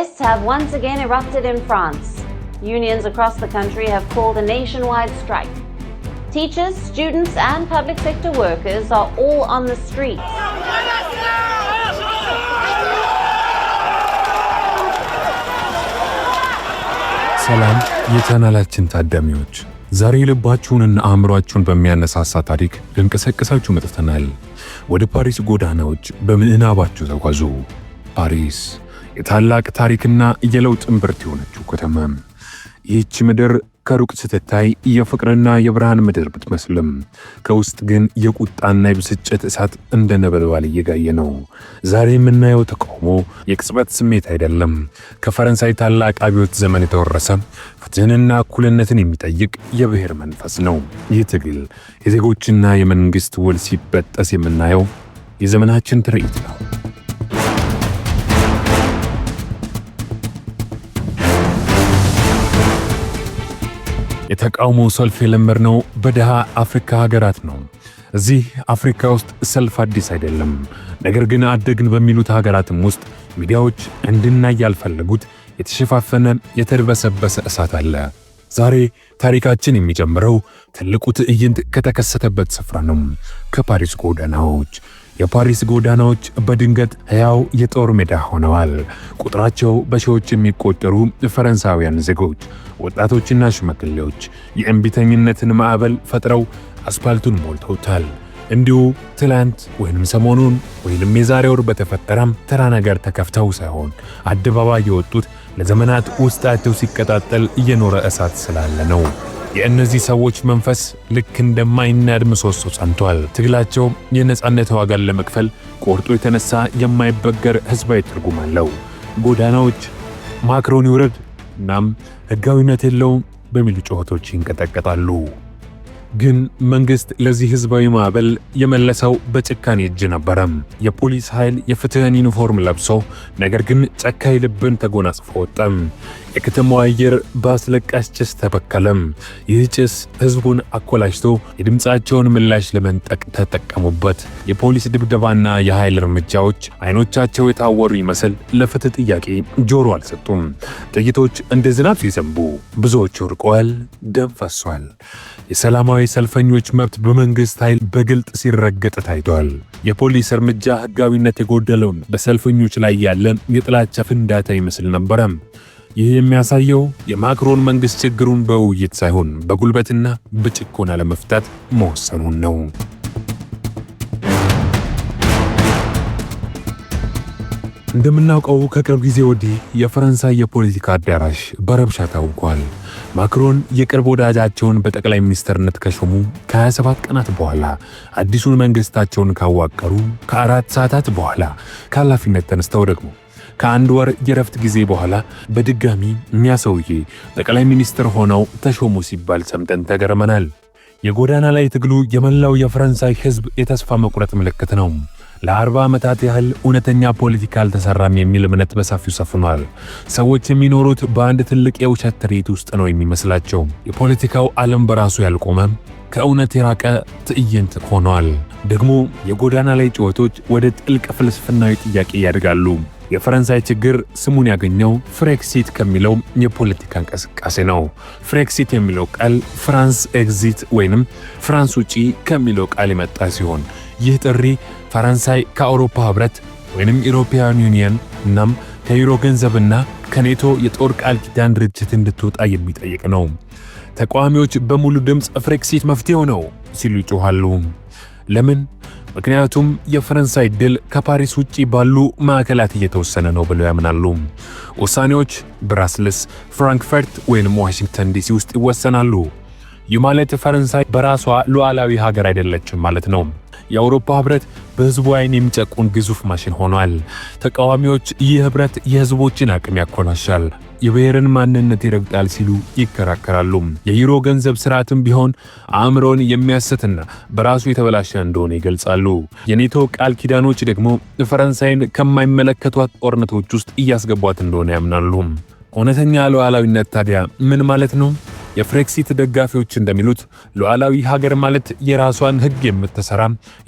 Protests have once again erupted in France. Unions across the country have called a nationwide strike. Teachers, students, and public sector workers are all on the streets. ሰላም የቻናላችን ታዳሚዎች፣ ዛሬ ልባችሁንና አእምሯችሁን በሚያነሳሳ ታሪክ ልንቀሰቅሳችሁ መጥተናል። ወደ ፓሪስ ጎዳናዎች በምዕናባችሁ ተጓዙ። ፓሪስ የታላቅ ታሪክና የለውጥ እምብርት የሆነችው ከተማ። ይህች ምድር ከሩቅ ስትታይ የፍቅርና የብርሃን ምድር ብትመስልም ከውስጥ ግን የቁጣና የብስጭት እሳት እንደ ነበልባል እየጋየ ነው። ዛሬ የምናየው ተቃውሞ የቅጽበት ስሜት አይደለም። ከፈረንሳይ ታላቅ አብዮት ዘመን የተወረሰ ፍትህንና እኩልነትን የሚጠይቅ የብሔር መንፈስ ነው። ይህ ትግል የዜጎችና የመንግሥት ውል ሲበጠስ የምናየው የዘመናችን ትርኢት ነው። የተቃውሞ ሰልፍ የለመድነው በድሃ አፍሪካ ሀገራት ነው። እዚህ አፍሪካ ውስጥ ሰልፍ አዲስ አይደለም። ነገር ግን አደግን በሚሉት ሀገራትም ውስጥ ሚዲያዎች እንድናይ ያልፈለጉት የተሸፋፈነ የተድበሰበሰ እሳት አለ። ዛሬ ታሪካችን የሚጀምረው ትልቁ ትዕይንት ከተከሰተበት ስፍራ ነው፣ ከፓሪስ ጎዳናዎች። የፓሪስ ጎዳናዎች በድንገት ሕያው የጦር ሜዳ ሆነዋል። ቁጥራቸው በሺዎች የሚቆጠሩ ፈረንሳውያን ዜጎች፣ ወጣቶችና ሽማግሌዎች የእምቢተኝነትን ማዕበል ፈጥረው አስፓልቱን ሞልተውታል። እንዲሁ ትላንት ወይንም ሰሞኑን ወይንም የዛሬ ወር በተፈጠረም ተራ ነገር ተከፍተው ሳይሆን አደባባይ የወጡት ለዘመናት ውስጣቸው ሲቀጣጠል እየኖረ እሳት ስላለ ነው። የእነዚህ ሰዎች መንፈስ ልክ እንደማይናድ ምሰሶ ጸንቷል። ትግላቸው የነፃነት ዋጋን ለመክፈል ቆርጦ የተነሳ የማይበገር ህዝባዊ ትርጉም አለው። ጎዳናዎች ማክሮን ይውረድ እናም ህጋዊነት የለውም በሚሉ ጩኸቶች ይንቀጠቀጣሉ። ግን መንግስት ለዚህ ህዝባዊ ማዕበል የመለሰው በጭካኔ እጅ ነበረ። የፖሊስ ኃይል የፍትህን ዩኒፎርም ለብሶ፣ ነገር ግን ጨካኝ ልብን ተጎናጽፎ ወጣ። የከተማው አየር በአስለቃሽ ጭስ ተበከለም። ይህ ጭስ ህዝቡን አኮላሽቶ የድምፃቸውን ምላሽ ለመንጠቅ ተጠቀሙበት። የፖሊስ ድብደባና የኃይል እርምጃዎች አይኖቻቸው የታወሩ ይመስል ለፍትህ ጥያቄ ጆሮ አልሰጡም። ጥይቶች እንደ ዝናብ ሲዘንቡ ብዙዎቹ ርቀዋል፣ ደም ፈሷል። የሰላማዊ ሰላማዊ ሰልፈኞች መብት በመንግስት ኃይል በግልጥ ሲረገጥ ታይቷል። የፖሊስ እርምጃ ህጋዊነት የጎደለውን በሰልፈኞች ላይ ያለን የጥላቻ ፍንዳታ ይመስል ነበረ። ይህ የሚያሳየው የማክሮን መንግስት ችግሩን በውይይት ሳይሆን በጉልበትና በጭቆና ለመፍታት መወሰኑን ነው። እንደምናውቀው ከቅርብ ጊዜ ወዲህ የፈረንሳይ የፖለቲካ አዳራሽ በረብሻ ታውቋል። ማክሮን የቅርብ ወዳጃቸውን በጠቅላይ ሚኒስትርነት ከሾሙ ከ27 ቀናት በኋላ አዲሱን መንግስታቸውን ካዋቀሩ ከአራት ሰዓታት በኋላ ከኃላፊነት ተነስተው ደግሞ ከአንድ ወር የረፍት ጊዜ በኋላ በድጋሚ የሚያሰውዬ ጠቅላይ ሚኒስትር ሆነው ተሾሙ ሲባል ሰምተን ተገርመናል። የጎዳና ላይ ትግሉ የመላው የፈረንሳይ ህዝብ የተስፋ መቁረጥ ምልክት ነው። ለአርባ ዓመታት ያህል እውነተኛ ፖለቲካ አልተሰራም የሚል እምነት በሰፊው ሰፍኗል። ሰዎች የሚኖሩት በአንድ ትልቅ የውሸት ትርኢት ውስጥ ነው የሚመስላቸው። የፖለቲካው ዓለም በራሱ ያልቆመ ከእውነት የራቀ ትዕይንት ሆኗል። ደግሞ የጎዳና ላይ ጩኸቶች ወደ ጥልቅ ፍልስፍናዊ ጥያቄ ያድጋሉ። የፈረንሳይ ችግር ስሙን ያገኘው ፍሬክሲት ከሚለው የፖለቲካ እንቅስቃሴ ነው። ፍሬክሲት የሚለው ቃል ፍራንስ ኤግዚት ወይንም ፍራንስ ውጪ ከሚለው ቃል የመጣ ሲሆን ይህ ጥሪ ፈረንሳይ ከአውሮፓ ህብረት ወይንም ኢሮፒያን ዩኒየን እናም ከዩሮ ገንዘብና ከኔቶ የጦር ቃል ኪዳን ድርጅት እንድትወጣ የሚጠይቅ ነው። ተቃዋሚዎች በሙሉ ድምፅ ፍሬክሲት መፍትሄው ነው ሲሉ ይጮኋሉ። ለምን? ምክንያቱም የፈረንሳይ ድል ከፓሪስ ውጪ ባሉ ማዕከላት እየተወሰነ ነው ብለው ያምናሉ። ውሳኔዎች ብራስልስ፣ ፍራንክፈርት ወይም ዋሽንግተን ዲሲ ውስጥ ይወሰናሉ። ይህ ማለት ፈረንሳይ በራሷ ሉዓላዊ ሀገር አይደለችም ማለት ነው። የአውሮፓ ህብረት በህዝቡ አይን የሚጨቁን ግዙፍ ማሽን ሆኗል። ተቃዋሚዎች ይህ ህብረት የህዝቦችን አቅም ያኮላሻል፣ የብሔርን ማንነት ይረግጣል ሲሉ ይከራከራሉ። የዩሮ ገንዘብ ስርዓትም ቢሆን አእምሮን የሚያሰትና በራሱ የተበላሸ እንደሆነ ይገልጻሉ። የኔቶ ቃል ኪዳኖች ደግሞ ፈረንሳይን ከማይመለከቷት ጦርነቶች ውስጥ እያስገቧት እንደሆነ ያምናሉ። እውነተኛ ሉዓላዊነት ታዲያ ምን ማለት ነው? የፍሬክሲት ደጋፊዎች እንደሚሉት ሉዓላዊ ሀገር ማለት የራሷን ሕግ የምትሰራ፣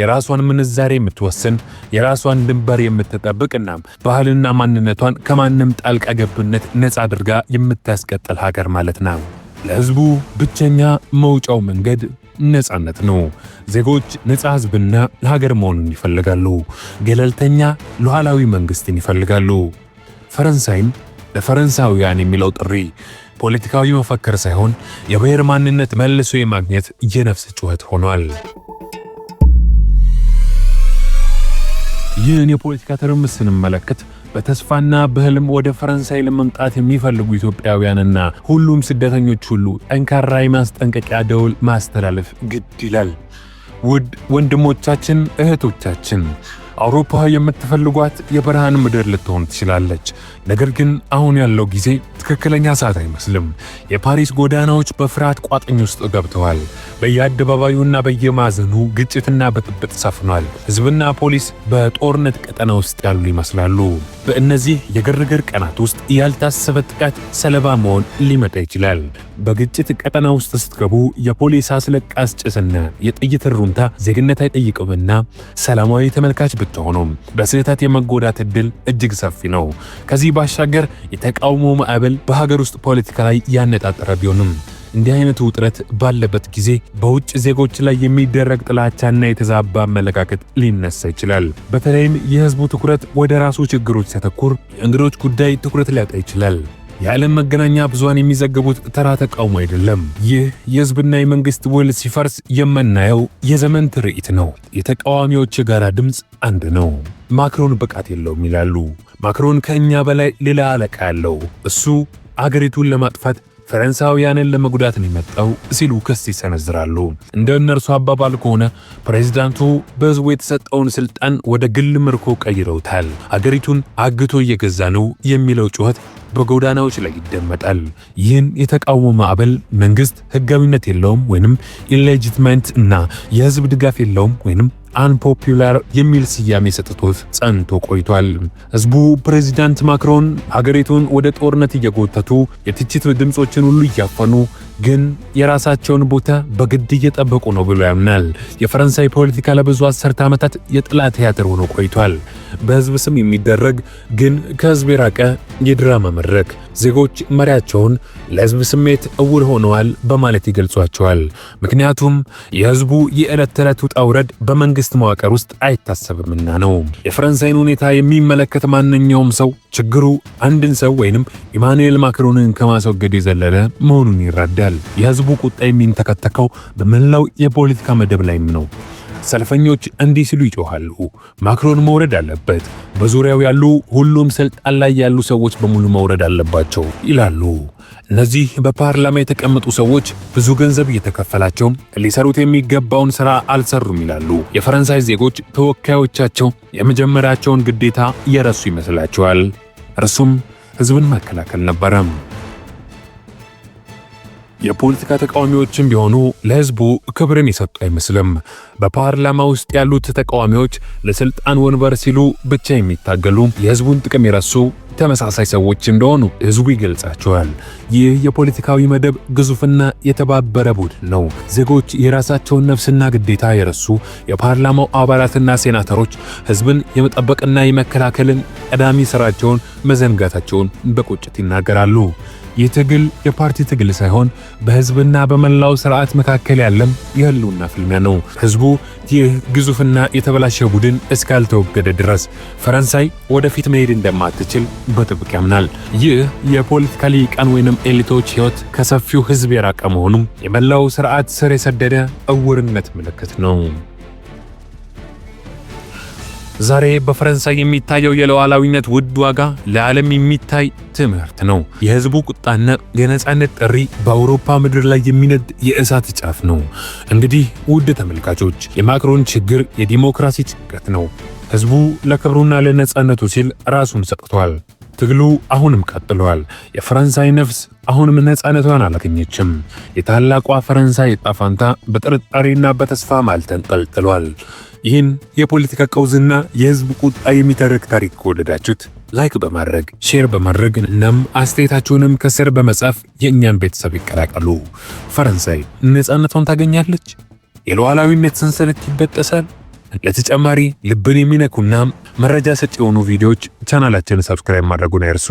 የራሷን ምንዛሬ የምትወስን፣ የራሷን ድንበር የምትጠብቅና ባህልና ማንነቷን ከማንም ጣልቃ ገብነት ነፃ አድርጋ የምታስቀጥል ሀገር ማለት ነው። ለሕዝቡ ብቸኛ መውጫው መንገድ ነፃነት ነው። ዜጎች ነፃ ሕዝብና ሀገር መሆኑን ይፈልጋሉ። ገለልተኛ ሉዓላዊ መንግስትን ይፈልጋሉ። ፈረንሳይን ለፈረንሳውያን የሚለው ጥሪ ፖለቲካዊ መፈክር ሳይሆን የብሔር ማንነት መልሶ የማግኘት የነፍስ ጩኸት ሆኗል። ይህን የፖለቲካ ትርምስ ስንመለከት በተስፋና በህልም ወደ ፈረንሳይ ለመምጣት የሚፈልጉ ኢትዮጵያውያንና ሁሉም ስደተኞች ሁሉ ጠንካራ የማስጠንቀቂያ ደውል ማስተላለፍ ግድ ይላል። ውድ ወንድሞቻችን፣ እህቶቻችን አውሮፓ የምትፈልጓት የበረሃን ምድር ልትሆን ትችላለች። ነገር ግን አሁን ያለው ጊዜ ትክክለኛ ሰዓት አይመስልም። የፓሪስ ጎዳናዎች በፍርሃት ቋጥኝ ውስጥ ገብተዋል። በየአደባባዩና በየማዕዘኑ ግጭትና ብጥብጥ ሰፍኗል። ሕዝብና ፖሊስ በጦርነት ቀጠና ውስጥ ያሉ ይመስላሉ። በእነዚህ የግርግር ቀናት ውስጥ ያልታሰበ ጥቃት ሰለባ መሆን ሊመጣ ይችላል። በግጭት ቀጠና ውስጥ ስትገቡ የፖሊስ አስለቃስ ጭስና የጥይት ሩምታ ዜግነት አይጠይቅምና ሰላማዊ ተመልካች ብትሆኑም በስህተት የመጎዳት እድል እጅግ ሰፊ ነው። ከዚህ ባሻገር የተቃውሞ ማዕበል በሀገር ውስጥ ፖለቲካ ላይ ያነጣጠረ ቢሆንም እንዲህ አይነቱ ውጥረት ባለበት ጊዜ በውጭ ዜጎች ላይ የሚደረግ ጥላቻና የተዛባ አመለካከት ሊነሳ ይችላል። በተለይም የህዝቡ ትኩረት ወደ ራሱ ችግሮች ሲያተኩር፣ የእንግዶች ጉዳይ ትኩረት ሊያጣ ይችላል። የዓለም መገናኛ ብዙሃን የሚዘግቡት ተራ ተቃውሞ አይደለም። ይህ የህዝብና የመንግስት ውል ሲፈርስ የምናየው የዘመን ትርኢት ነው። የተቃዋሚዎች የጋራ ድምፅ አንድ ነው። ማክሮን ብቃት የለውም ይላሉ። ማክሮን ከእኛ በላይ ሌላ አለቃ ያለው እሱ አገሪቱን ለማጥፋት ፈረንሳውያንን ለመጉዳት ነው የመጣው ሲሉ ክስ ይሰነዝራሉ። እንደ እነርሱ አባባል ከሆነ ፕሬዚዳንቱ በህዝቡ የተሰጠውን ስልጣን ወደ ግል ምርኮ ቀይረውታል፣ አገሪቱን አግቶ እየገዛ ነው የሚለው ጩኸት በጎዳናዎች ላይ ይደመጣል። ይህን የተቃውሞ ማዕበል መንግስት ህጋዊነት የለውም ወይንም ኢሌጂትመንት እና የህዝብ ድጋፍ የለውም ወይንም አንፖፑላር የሚል ስያሜ ሰጥቶት ጸንቶ ቆይቷል። ህዝቡ ፕሬዚዳንት ማክሮን ሀገሪቱን ወደ ጦርነት እየጎተቱ የትችት ድምፆችን ሁሉ እያፈኑ ግን የራሳቸውን ቦታ በግድ እየጠበቁ ነው ብሎ ያምናል። የፈረንሳይ ፖለቲካ ለብዙ አስርተ ዓመታት የጥላ ቲያትር ሆኖ ቆይቷል። በህዝብ ስም የሚደረግ ግን ከህዝብ የራቀ የድራማ መድረክ። ዜጎች መሪያቸውን ለህዝብ ስሜት እውል ሆነዋል በማለት ይገልጿቸዋል። ምክንያቱም የህዝቡ የዕለት ተዕለት ውጣ ውረድ በመንግስት መዋቅር ውስጥ አይታሰብምና ነው። የፈረንሳይን ሁኔታ የሚመለከት ማንኛውም ሰው ችግሩ አንድን ሰው ወይንም ኢማኑኤል ማክሮንን ከማስወገድ የዘለለ መሆኑን ይረዳል። የህዝቡ ቁጣ የሚንተከተከው በመላው የፖለቲካ መደብ ላይም ነው። ሰልፈኞች እንዲህ ሲሉ ይጮኻሉ፣ ማክሮን መውረድ አለበት፣ በዙሪያው ያሉ ሁሉም ስልጣን ላይ ያሉ ሰዎች በሙሉ መውረድ አለባቸው ይላሉ። እነዚህ በፓርላማ የተቀመጡ ሰዎች ብዙ ገንዘብ እየተከፈላቸው ሊሰሩት የሚገባውን ስራ አልሰሩም ይላሉ። የፈረንሳይ ዜጎች ተወካዮቻቸው የመጀመሪያቸውን ግዴታ እየረሱ ይመስላቸዋል። እርሱም ህዝብን መከላከል ነበረም። የፖለቲካ ተቃዋሚዎችም ቢሆኑ ለህዝቡ ክብርን የሰጡ አይመስልም። በፓርላማ ውስጥ ያሉት ተቃዋሚዎች ለስልጣን ወንበር ሲሉ ብቻ የሚታገሉ የህዝቡን ጥቅም የረሱ ተመሳሳይ ሰዎች እንደሆኑ ህዝቡ ይገልጻቸዋል። ይህ የፖለቲካዊ መደብ ግዙፍና የተባበረ ቡድን ነው። ዜጎች የራሳቸውን ነፍስና ግዴታ የረሱ የፓርላማው አባላትና ሴናተሮች ህዝብን የመጠበቅና የመከላከልን ቀዳሚ ስራቸውን መዘንጋታቸውን በቁጭት ይናገራሉ። ይህ ትግል የፓርቲ ትግል ሳይሆን በህዝብና በመላው ስርዓት መካከል ያለም የህልውና ፍልሚያ ነው። ህዝቡ ይህ ግዙፍና የተበላሸ ቡድን እስካልተወገደ ድረስ ፈረንሳይ ወደፊት መሄድ እንደማትችል በጥብቅ ያምናል። ይህ የፖለቲካ ሊቃን ወይንም ኤሊቶች ህይወት ከሰፊው ህዝብ የራቀ መሆኑም የመላው ስርዓት ስር የሰደደ እውርነት ምልክት ነው። ዛሬ በፈረንሳይ የሚታየው የሉዓላዊነት ውድ ዋጋ ለዓለም የሚታይ ትምህርት ነው። የህዝቡ ቁጣና የነፃነት ጥሪ በአውሮፓ ምድር ላይ የሚነድ የእሳት ጫፍ ነው። እንግዲህ ውድ ተመልካቾች፣ የማክሮን ችግር የዲሞክራሲ ጭንቀት ነው። ህዝቡ ለክብሩና ለነፃነቱ ሲል ራሱን ሰጥቷል። ትግሉ አሁንም ቀጥሏል። የፈረንሳይ ነፍስ አሁንም ነፃነቷን አላገኘችም። የታላቋ ፈረንሳይ ዕጣ ፈንታ በጥርጣሬና በተስፋ ማዕበል ተንጠልጥሏል። ይህን የፖለቲካ ቀውስና የህዝብ ቁጣ የሚተርክ ታሪክ ከወደዳችሁት ላይክ በማድረግ ሼር በማድረግ እናም አስተያየታችሁንም ከስር በመጻፍ የእኛን ቤተሰብ ይቀላቀሉ። ፈረንሳይ ነፃነቷን ታገኛለች? የሉዓላዊነት ሰንሰለት ይበጠሳል? ለተጨማሪ ልብን የሚነኩና መረጃ ሰጭ የሆኑ ቪዲዮዎች ቻናላችንን ሰብስክራይብ ማድረጉን አይርሱ።